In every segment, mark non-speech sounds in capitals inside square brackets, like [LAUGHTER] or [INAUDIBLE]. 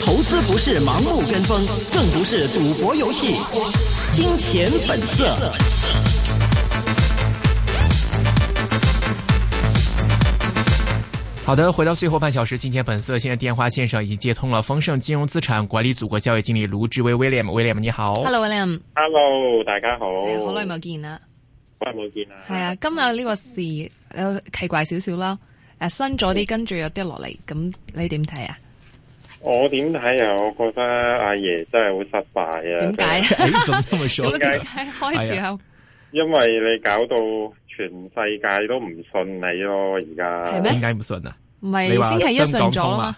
投資不是盲目跟風，更不是賭博遊戲。金錢本色。好的，回到最後半小時，金錢本色。現在電話線上已經接通了，豐盛金融資產管理祖國交易經理盧志威 William，William 你好。Hello，William。Hello，大家好。好耐冇見啦。好耐冇見啦。係啊，今日呢個事有奇怪少少啦。啊、新咗啲，跟住又跌落嚟，咁你點睇啊？我點睇啊？我覺得阿爺真係好失敗啊！點解我仲咁解開始啊？ [LAUGHS] [LAUGHS] 點解 [LAUGHS] 因為你搞到全世界都唔信你咯，而家係咩？點解唔信啊？唔係星期一信咗嘛？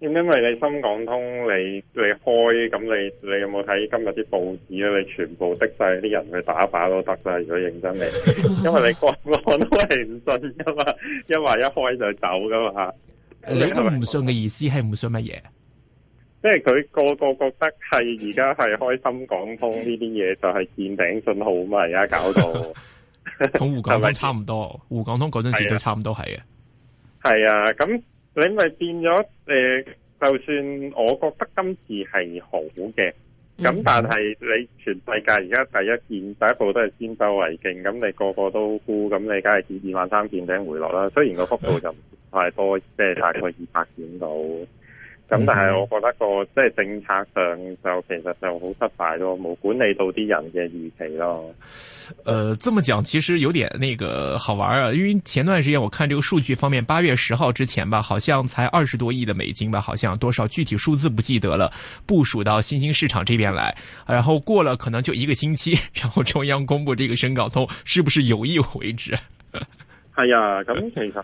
因因為你深港通，你你開咁你你有冇睇今日啲報紙啊？你全部的晒啲人去打靶都得晒，如果認真嚟。因為你個個 [LAUGHS] 都係唔信噶嘛，因為一開就走噶嘛。你都唔信嘅意思係唔信乜嘢？即係佢個個覺得係而家係開深港通呢啲嘢就係見頂信號啊嘛！而家搞到同 [LAUGHS] 滬港通差唔多， [LAUGHS] 吧滬港通嗰陣時都差唔多係嘅。係啊，咁、啊。你咪變咗誒、呃，就算我覺得今次係好嘅，咁、嗯、但係你全世界而家第一件，第一步都係先收為敬，咁你個個都沽，咁你梗係見二萬三見頂回落啦。雖然個幅度就唔太多，嗯、即係大概二百點到。咁、嗯、但係我覺得個即係政策上就其實就好失敗咯，冇管理到啲人嘅預期咯。呃，這麼講其實有點那個好玩啊，因為前段時間我看這個數據方面，八月十號之前吧，好像才二十多億的美金吧，好像多少具體數字不記得了，部署到新興市場這邊來，然後過了可能就一個星期，然後中央公布這個深港通，是不是有意為之？係呀、 [LAUGHS] 啊，咁其實。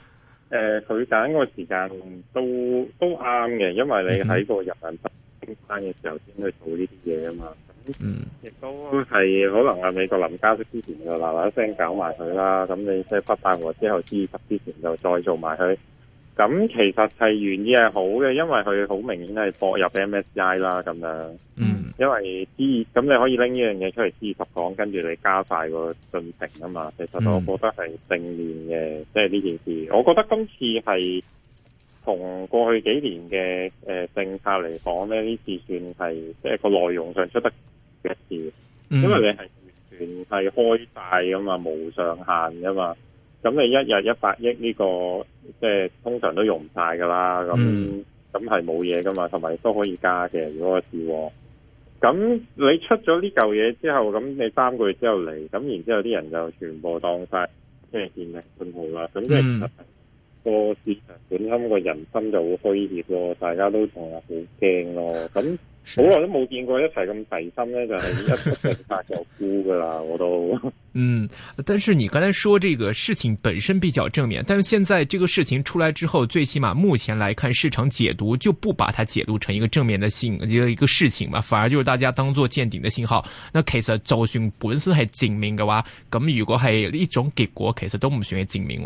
誒，佢揀、呃、個時間都都啱嘅，因為你喺個人民幣升翻嘅時候先去做呢啲嘢啊嘛。嗯，亦都係可能係、啊、美國臨加息之前就嗱嗱聲搞埋佢啦。咁你即係跨大河之後二十之前就再做埋佢。咁其實係原意係好嘅，因為佢好明顯係駁入 MSI 啦，咁樣。嗯。因為資，咁你可以拎呢樣嘢出嚟資實講，跟住你加快個進程啊嘛。其實我覺得係正面嘅，即係呢件事。我覺得今次係同過去幾年嘅誒、呃、政策嚟講咧，呢次算係即係個內容上出得嘅事。嗯、因為你係完全係開晒噶嘛，冇上限噶嘛。咁你一日一百億呢個，即係通常都用唔晒噶啦，咁咁係冇嘢噶嘛，同埋都可以加嘅。如果我試鑊，咁你出咗呢嚿嘢之後，咁你三個月之後嚟，咁然之後啲人就全部當晒即係咩線咧，信號啦，咁即係。個市場本身個人心就會虛脱咯，大家都仲係好驚咯。咁好耐都冇見過一齊咁齊心咧，就係一齊打小姑噶啦，我都。嗯，但是你剛才說這個事情本身比較正面，但是現在這個事情出來之後，最起碼目前來看市場解讀就不把它解讀成一個正面的性一個事情嘛，反而就是大家當做見頂的信號。那其實就算本身係正面嘅話，咁如果係呢種結果，其實都唔算係正面。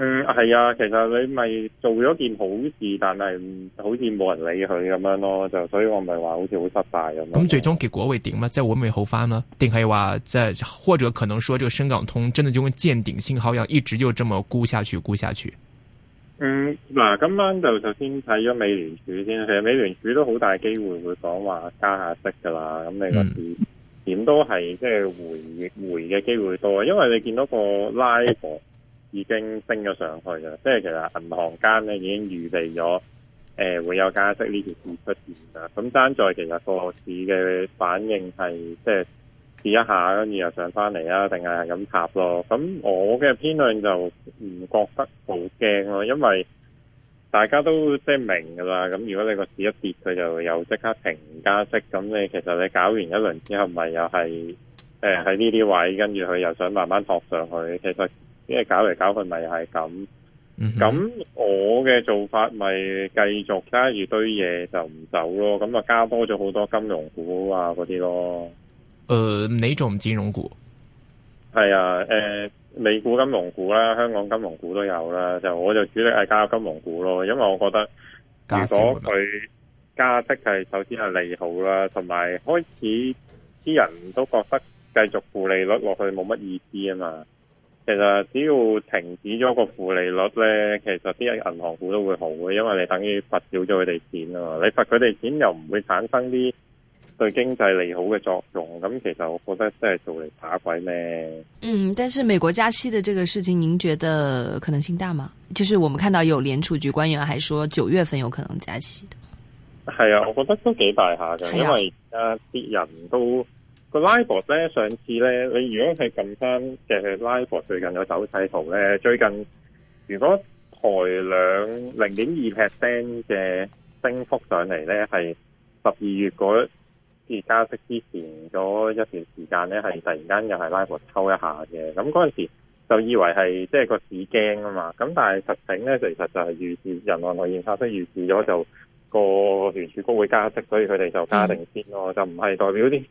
嗯，係啊，其實你咪做咗件好事，但係好似冇人理佢咁樣咯，就所以我咪話好似好失敗咁。咁、嗯、最終結果會點咧？即係會唔會好返呢？定係話即係或者可能說，這個深港通真的就跟見頂信號一樣，一直就這麼沽下去，沽下去。嗯，嗱、嗯，今晚就首先睇咗美聯儲先，其實美聯儲都好大機會會講話加下息噶啦，咁你嗰點點都係即係回回嘅機會多，因為你見到個拉幅。已經升咗上去啦，即係其實銀行間咧已經預備咗，誒、呃、會有加息呢件事出現啦。咁、嗯、單在其實個市嘅反應係，即係試一下，跟住又上翻嚟啊，定係咁插咯？咁、嗯、我嘅偏向就唔覺得好驚咯，因為大家都即係明噶啦。咁、嗯、如果你個市一跌，佢就又即刻停加息，咁、嗯、你其實你搞完一輪之後，咪又係誒喺呢啲位，跟住佢又想慢慢托上去，其實。因為搞嚟搞去咪係咁，咁、嗯、哼我嘅做法咪繼續加住堆嘢就唔走咯。咁啊加多咗好多金融股啊嗰啲咯。誒、呃，你仲唔知金融股？係啊，誒、呃，美股金融股啦、啊，香港金融股都有啦、啊。就我就主力係加金融股咯，因為我覺得如果佢加息係首先係利好啦、啊，同埋開始啲人都覺得繼續負利率落去冇乜意思啊嘛。其實只要停止咗個負利率咧，其實啲銀行股都會好嘅，因為你等於罰少咗佢哋錢啊嘛，你罰佢哋錢又唔會產生啲對經濟利好嘅作用，咁其實我覺得真係做嚟打鬼咩？嗯，但是美國加息嘅這個事情，您覺得可能性大嗎？就是我們看到有聯儲局官員還說九月份有可能加息的。係啊，我覺得都幾大下嘅，因為而家啲人都。拉博咧，上次咧，你如果係近翻嘅拉博最近嘅走勢圖咧，最近如果台兩零點二 percent 嘅升幅上嚟咧，係十二月嗰次加息之前嗰一段時間咧，係突然間又係拉博抽一下嘅。咁嗰陣時就以為係即係個市驚啊嘛。咁但係實情咧，其實就係預示人行內現加息預示咗就個聯儲局會加息，所以佢哋就加定先咯，嗯、就唔係代表啲。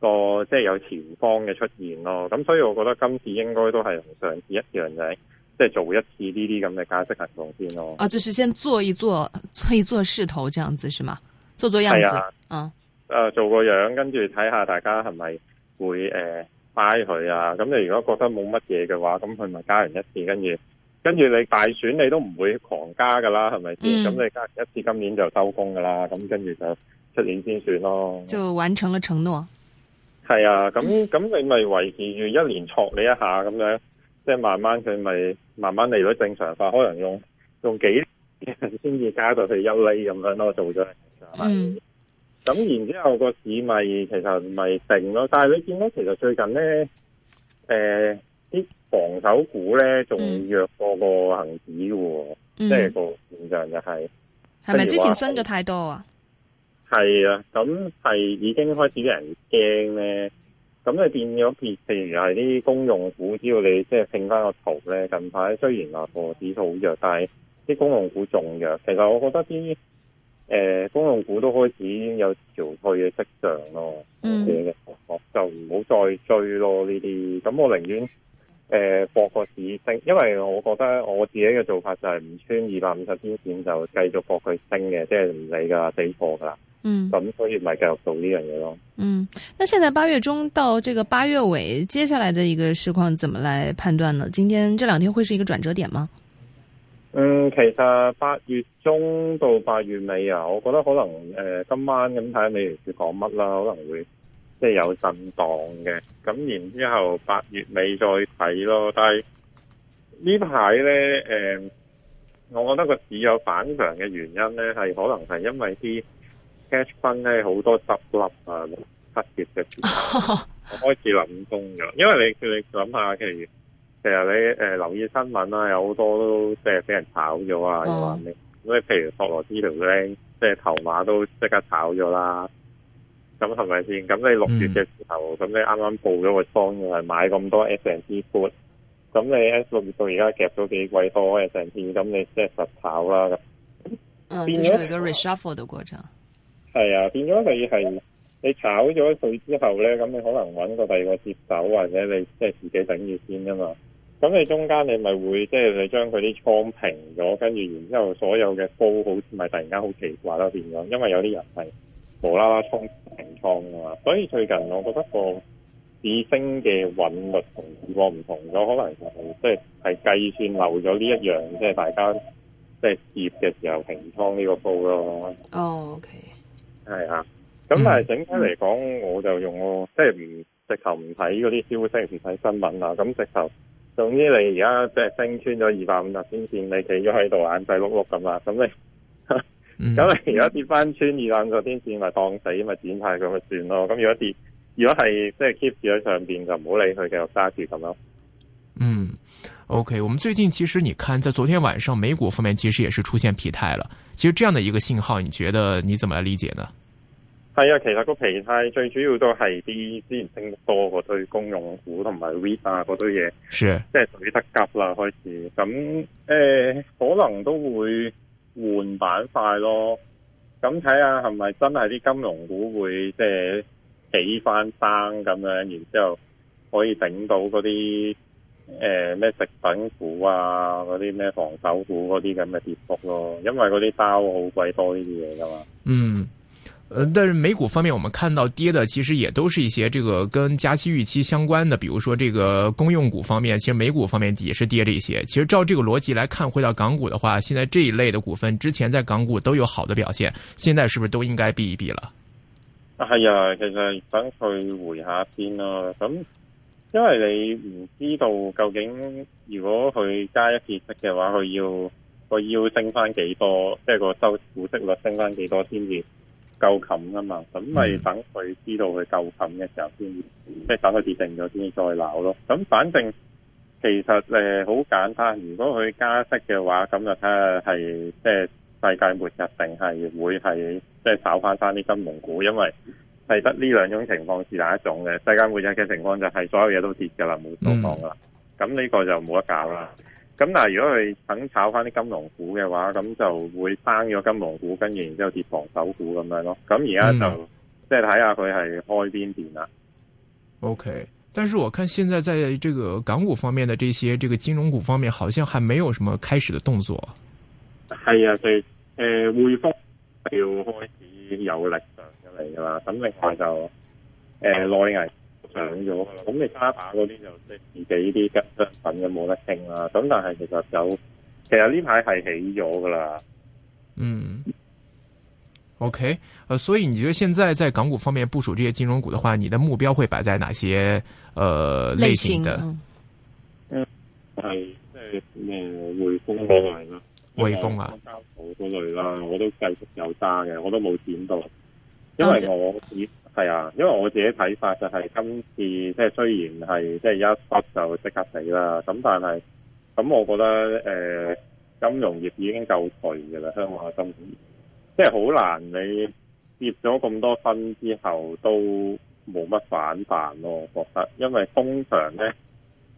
個即係有前方嘅出現咯，咁所以我覺得今次應該都係同上次一樣，就係即係做一次呢啲咁嘅加息行動先咯。啊，就是先做一做，做一做勢頭，這樣子是嗎？做做樣子，啊，誒、啊呃，做個樣，跟住睇下大家係咪會誒 buy 佢啊？咁你如果覺得冇乜嘢嘅話，咁佢咪加完一次，跟住跟住你大選你都唔會狂加噶啦，係咪先？咁、嗯、你加一次今年就收工噶啦，咁跟住就出年先選咯，就完成了承諾。係啊，咁咁你咪維持住一年戳你一下咁樣，即係慢慢佢咪慢慢利率正常化，可能用用幾先至加到去一厘咁樣咯，樣做咗。嗯。咁然之後個市咪其實咪定咯，但係你見到其實最近咧，誒、呃、啲防守股咧仲弱過個恒指嘅，嗯、即係個現象就係、是。係咪、嗯、之前升咗太多啊？係啊，咁係已經開始俾人驚咧，咁你變咗譬譬如係啲公用股，只要你即係升翻個圖咧，近排雖然話個市好弱，但係啲公用股仲弱。其實我覺得啲誒、呃、公用股都開始已經有潮退嘅跡象咯，嗯，mm. 就唔好再追咯呢啲。咁我寧願誒博、呃、個市升，因為我覺得我自己嘅做法就係唔穿二百五十天線就繼續博佢升嘅，即係唔理噶死貨噶啦。嗯，咁所以咪繼續做呢樣嘢咯。嗯，那現在八月中到這個八月尾，接下來的一個市況怎麼來判斷呢？今天這兩天會是一個轉折點嗎？嗯，其實八月中到八月尾啊，我覺得可能誒、呃、今晚咁睇下、嗯、美聯儲講乜啦，可能會即係有震蕩嘅。咁然之後八月尾再睇咯。但係呢排咧，誒、呃，我覺得個市有反常嘅原因咧，係可能係因為啲。Cash 分咧好多執笠啊，七月嘅，oh. 我開始諗中嘅，因為你你諗下其實其實你誒、呃、留意新聞啦，有好多都即係俾人炒咗啊，oh. 又話你？咁你譬如索羅斯條 link 即係頭馬都即刻炒咗啦。咁係咪先？咁你六月嘅時候，咁、mm. 你啱啱報咗個倉，又係買咁多 S and P put 咁你 S 六月到而家夾咗幾鬼多 S and P，咁你即係實炒啦。嗯，uh, 就是有一個 reshuffle 的過程。係啊，變咗你係你炒咗佢之後咧，咁、嗯、你可能揾個第二個接手，或者你即係自己整住先㗎嘛。咁、嗯、你中間你咪會即係你將佢啲倉平咗，跟住然之後所有嘅煲好似咪突然間好奇怪咯，變咗。因為有啲人係無啦啦沖平倉啊嘛。所以最近我覺得個指升嘅韻律同以往唔同咗，可能就係、即係係計算漏咗呢一樣，即係大家即係跌嘅時候平倉呢個煲咯。哦、oh,，OK。係啊，咁但係整體嚟講，我就用我即係唔直頭唔睇嗰啲消息，唔睇新聞啦。咁直頭，總之你而家即係升穿咗二百五十天線，你企咗喺度眼仔碌碌咁啦。咁你咁你而家跌翻穿二百五十天線，咪當死咪剪派咁咪算咯。咁如果跌，如果係即係 keep 住喺上邊就唔好理佢，繼續揸住咁咯。O、okay, K，我們最近其實，你看，在昨天晚上美股方面，其實也是出現疲態了。其實這樣的一個信號，你覺得你怎麼嚟理解呢？係啊，其實個疲態最主要都係啲之前升得多嗰堆公用股同埋 v i tREIT 啊嗰堆嘢，係啊是，即係水得急啦開始。咁誒、呃，可能都會換板塊咯。咁睇下係咪真係啲金融股會即係起翻生咁樣，然之後可以頂到嗰啲。誒，咩、呃、食品股啊，嗰啲咩防守股嗰啲咁嘅跌幅咯，因為嗰啲包好貴多呢啲嘢噶嘛。嗯、呃，但是美股方面，我們看到跌嘅其實也都是一些這個跟加息預期相關嘅。比如說這個公用股方面，其實美股方面也是跌咗一些。其實照這個邏輯來看，回到港股的話，現在這一類的股份之前在港股都有好的表現，現在是不是都應該避一避了？啊係啊，其實等佢回下先咯咁。因為你唔知道究竟，如果佢加一次息嘅話，佢要個腰升翻幾多，即係個收股息率升翻幾多先至夠冚啊嘛？咁咪等佢知道佢夠冚嘅時候先，嗯、即係等佢跌定咗先至再鬧咯。咁反正其實誒好簡單，如果佢加息嘅話，咁就睇下係即係世界末日定係會係即係炒翻翻啲金融股，因為。係得呢兩種情況，是哪一種嘅？世界末日嘅情況就係所有嘢都跌，噶啦，冇收放啦。咁呢、嗯、個就冇得搞啦。咁嗱，如果佢等炒翻啲金融股嘅話，咁就會升咗金融股，跟住然之後跌防守股咁樣咯。咁而家就即係睇下佢係開邊邊啦。O、okay, K，但是我看現在在這個港股方面的這些這個金融股方面，好像還沒有什麼開始的動作。係啊，佢誒、呃，匯豐票開始有力。係噶啦，咁你話就誒內銀上咗啦，咁你揸把嗰啲就即係自己啲金商品就冇得傾啦。咁但係其實有，其實呢排係起咗噶啦。嗯，OK，誒，所以你覺得現在在港股方面部署呢啲金融股嘅話，你的目標會擺在哪些？誒、呃、類型嘅、嗯？嗯，係即係誒匯豐嗰類啦，匯豐啊，好嗰類啦，我都繼續有揸嘅，我都冇剪到。因為我自係啊，因為我自己睇法就係今次即係雖然係即係一忽就即刻死啦，咁但係咁我覺得誒、呃、金融業已經夠脆嘅啦，香港嘅金融業，融即係好難你跌咗咁多分之後都冇乜反彈咯，我覺得因為通常咧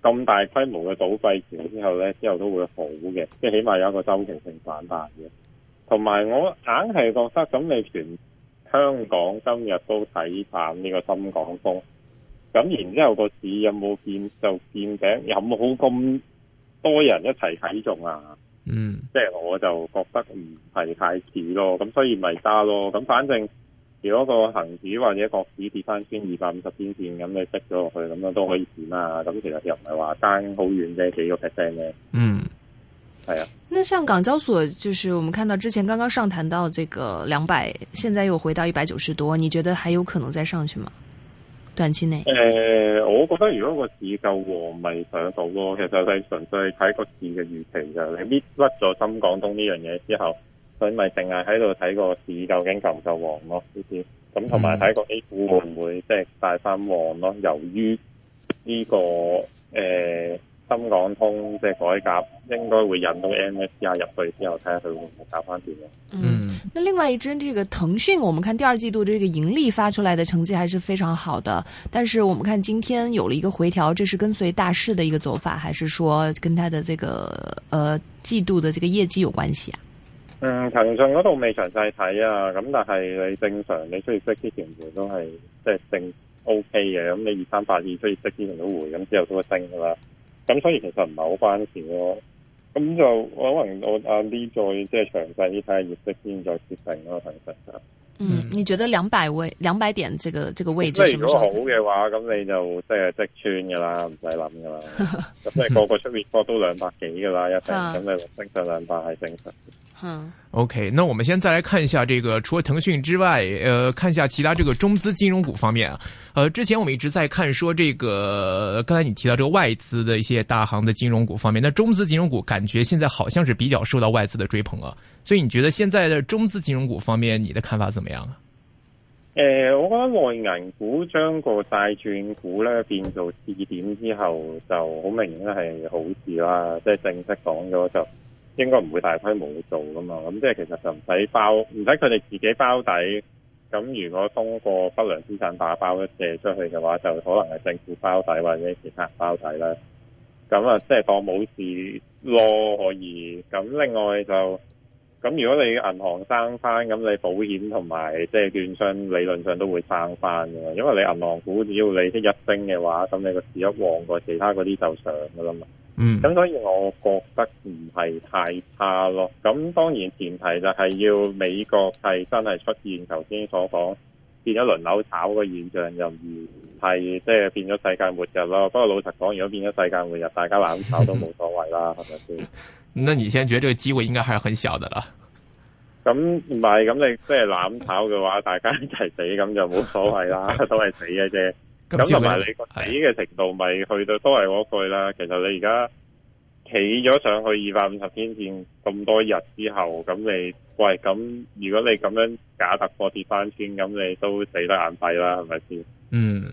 咁大規模嘅倒閉潮之後咧，之後都會好嘅，即係起碼有一個周期性反彈嘅，同埋我硬係覺得咁你全。香港今日都睇淡呢個深港通，咁然之後個市有冇見就見頂，有冇好咁多人一齊睇中啊？嗯，mm. 即係我就覺得唔係太似咯，咁所以咪揸咯。咁反正如果個恒指或者個市跌翻穿二百五十天線咁，你跌咗落去咁樣都可以點啊？咁其實又唔係話爭好遠啫，幾個 percent 嘅，嗯。Mm. 係啊，那像港交所，就是我們看到之前剛剛上談到這個兩百，現在又回到一百九十多，你覺得還有可能再上去嗎？短期內，誒、呃，我覺得如果個市夠旺咪上到咯，其實係純粹睇個市嘅預期噶、就是，你搣甩咗深港通呢樣嘢之後，佢咪淨係喺度睇個市究竟夠唔夠旺咯呢啲，咁同埋睇個 A 股會唔會即係帶翻旺咯？由於呢、這個誒、呃、深港通即係改革。應該會引到 MSCI 入去之後，睇下佢會唔會搞翻掂。嗯，那另外一支呢個騰訊，我們看第二季度的這個盈利發出來嘅成績還是非常好的，但是我們看今天有了一個回調，這是跟隨大市嘅一個走法，還是說跟它的這個呃季度的這個業績有關係啊？嗯，騰訊嗰度未詳細睇啊，咁但係你正常你出業績之前都係即係升 OK 嘅，咁你二三八二出業績之前都回，咁之後都會升噶啦，咁所以其實唔係好關事咯。咁就可能我阿李再即係詳細啲睇下業績先，再決定咯，係咪先？嗯，你覺得兩百位、兩百點，這個、這個位置，如果好嘅話，咁你就即係即穿噶啦，唔使諗噶啦。咁你係個個出面貨，都兩百幾噶啦，一定咁就升上兩百係正常。嗯，OK，那我們先再來看一下這個，除了騰訊之外，呃，看一下其他這個中資金融股方面啊。呃，之前我們一直在看說這個，剛才你提到這個外資的一些大行的金融股方面，那中資金融股感覺現在好像是比較受到外資的追捧啊。所以你覺得現在的中資金融股方面，你的看法怎麼樣啊？誒、呃，我覺得外銀股將個債轉股呢變做試點之後，就好明顯係好事啦。即、就、係、是、正式講咗就。應該唔會大規模去做噶嘛，咁即係其實就唔使包，唔使佢哋自己包底。咁如果通過不良資產打包一借出去嘅話，就可能係政府包底或者其他包底啦。咁啊，即係當冇事咯，可以。咁另外就咁如果你銀行生翻，咁你保險同埋即係券商理論上都會生翻嘅，因為你銀行股只要你一升嘅話，咁你個市一旺過其他嗰啲就上噶啦嘛。嗯，咁所以我覺得唔係太差咯。咁當然前提就係要美國係真係出現頭先所講變咗輪流炒嘅現象，又唔係即係變咗世界末日咯。不過老實講，如果變咗世界末日，大家攬炒都冇所謂啦。係咪 [LAUGHS] 先？那你先覺得呢個機會應該係很小的啦。咁唔係，咁你即係攬炒嘅話，大家一齊死，咁就冇所謂啦，都係死嘅啫。咁同埋你個死嘅程度，咪去到都係嗰句啦。其實你而家企咗上去二百五十天線咁多日之後，咁你喂，咁，如果你咁樣假突破跌翻先，咁你都死得眼閉啦，係咪先？嗯。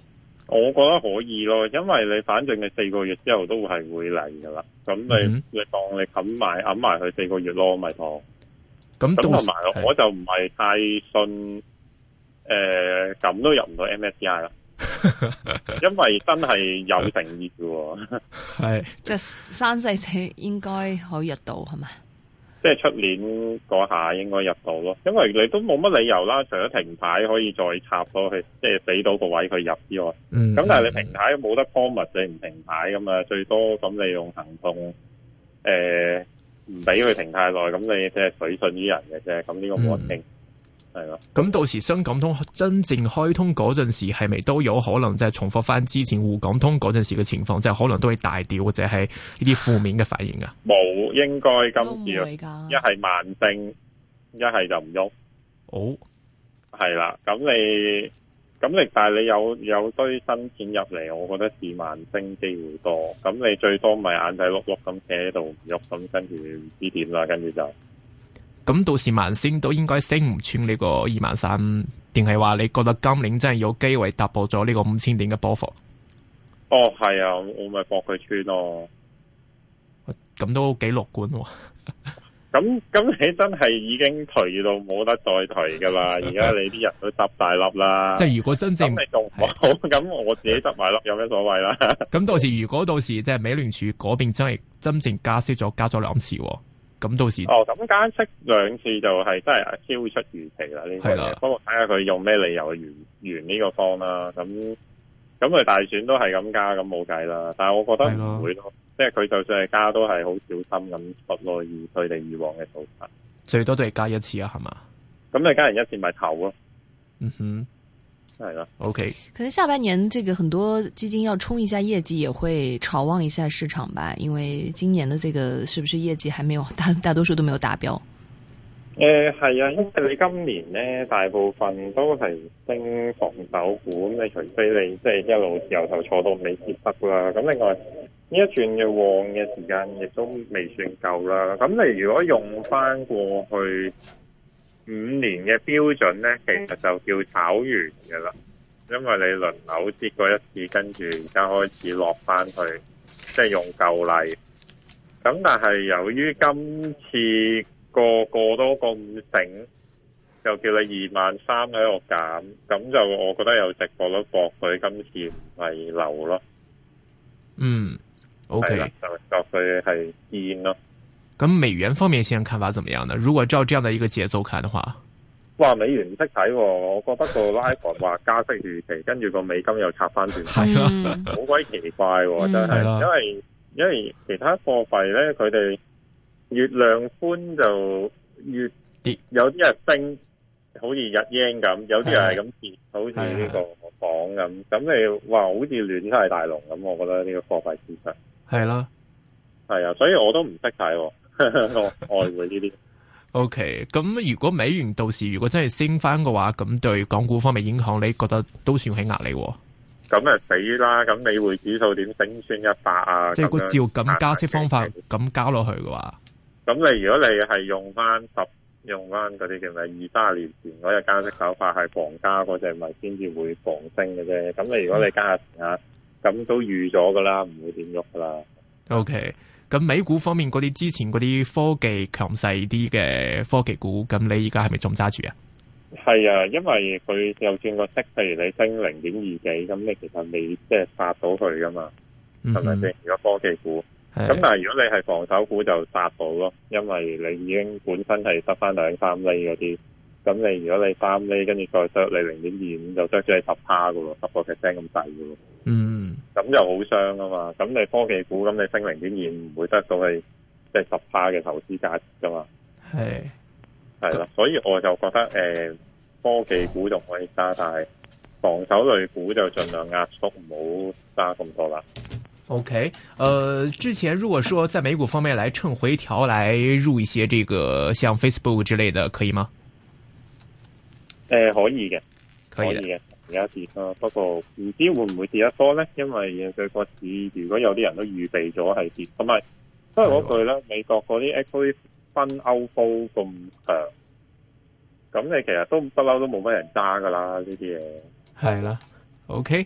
我覺得可以咯，因為你反正你四個月之後都係會嚟噶啦，咁你、mm hmm. 你當你冚埋冚埋佢四個月咯，咪咯。咁咁同埋，我就唔係太信，誒咁都入唔到 MSCI 啦，因為真係有定義嘅。係即三四隻應該可以入到係咪？即係出年嗰下應該入到咯，因為你都冇乜理由啦，除咗停牌可以再插咗去，即係俾到個位佢入之外，咁、嗯、但係你停牌冇得 promise 你唔停牌咁啊，最多咁你用行動，誒唔俾佢停太耐，咁你即係水信於人嘅啫，咁呢個冇得傾。嗯係咯，咁到時深港通真正開通嗰陣時，係咪都有可能即係重複翻之前滬港通嗰陣時嘅情況，即係可能都會大調或者係呢啲負面嘅反應啊？冇，應該今次一係慢升，一係就唔喐。好，oh?，係啦，咁你咁你但係你有有堆新錢入嚟，我覺得似慢升機會多。咁你最多咪眼仔碌碌咁企喺度唔喐，咁跟住唔知點啦，跟住就。咁到時萬星都應該升唔穿呢個二萬三，定係話你覺得今年真係有機會突破咗呢個五千點嘅波幅？哦，係啊，我咪博佢穿咯，啊、咁、啊、都幾樂觀。咁 [LAUGHS] 咁你真係已經頹到冇得再頹噶啦，而家你啲人都執大粒啦。即係 [LAUGHS] [LAUGHS] 如果真正唔好，咁 [LAUGHS] [LAUGHS] [LAUGHS] [LAUGHS] 我自己執埋粒，有咩所謂啦？咁 [LAUGHS] 到時如果到時即係美聯儲嗰邊真係真正，正加息咗，加咗兩次。咁到時哦，咁加息兩次就係真係超出預期啦。呢個的，不過睇下佢用咩理由去完完呢個方啦、啊。咁咁佢大選都係咁加，咁冇計啦。但係我覺得唔會咯，的即係佢就算係加都係好小心咁不耐而佢哋以往嘅做法。最多都係加一次啊，係嘛？咁你加完一次咪，就是，投咯？嗯哼。O Okay . K，可能下半年這個很多基金要衝一下業績，也會炒旺一下市場吧。因為今年的這個是不是業績還沒有，大大多數都沒有達標。誒係、呃、啊，因為你今年呢，大部分都係升防守股，咁你除非你即係、就是、一路由頭坐到尾先得啦。咁另外呢一轉嘅旺嘅時間亦都未算夠啦。咁你如果用翻過去。五年嘅標準呢，其實就叫炒完嘅啦，因為你輪流跌過一次，跟住而家開始落翻去，即係用舊例。咁但係由於今次個個都咁醒，又叫你二萬三喺度減，咁就我覺得有值博率，博佢今次唔係流咯。嗯，OK 啦，就佢係堅咯。咁美元方面先看法怎麼樣呢？如果照這樣的一個節奏看的話，哇，美元唔識睇，我覺得個拉幅話加息預期，跟住個美金又插翻轉，係啦，好鬼奇怪，真係，因為因為其他貨幣咧，佢哋越量寬就越跌，有啲人升，好似日英 e 咁，有啲人係咁跌，好似呢個房咁，咁你話好似亂晒大龍咁，我覺得呢個貨幣市場係啦，係啊，所以我都唔識睇。 [LAUGHS] 外匯呢啲，OK。咁如果美元到時如果真係升翻嘅話，咁對港股方面影響，你覺得都算起壓力？咁啊死啦！咁美匯指數點升穿一百啊？啊即係照咁加息方法咁交落去嘅話，咁、嗯、你如果你係用翻十，用翻嗰啲叫咩二三十年前嗰隻加息手法係防加嗰隻，咪先至會防升嘅啫。咁你如果你加下，咁、嗯、都預咗噶啦，唔會點喐噶啦。OK。咁美股方面嗰啲之前嗰啲科技強勢啲嘅科技股，咁你而家係咪仲揸住啊？係啊，因為佢就算個息，譬如你升零點二幾，咁你其實未即係殺到佢噶嘛，係咪先？如果科技股，咁、啊、但係如果你係防守股就殺到咯，因為你已經本身係失翻兩三厘嗰啲，咁你如果你三厘，跟住再削你零點二五，就得咗你十趴噶咯，十個 percent 咁大。噶咁就好傷啊嘛！咁你科技股咁你升零點二唔會得到係即係十趴嘅投資價值噶嘛？係係咯，嗯、所以我就覺得誒、呃，科技股仲可以揸，但係防守類股就盡量壓縮，唔好揸咁多啦。OK，誒、呃，之前如果說在美股方面來趁回調來入一些這個像 Facebook 之類的，可以嗎？誒、呃，可以嘅，可以嘅。而家跌啦，不過唔知會唔會跌得多咧？因為佢個市如果有啲人都預備咗係跌，唔係都係嗰句咧，哎、呦美國嗰啲 equity 分歐股咁強，咁你其實都不嬲都冇乜人揸噶啦呢啲嘢。係啦，OK。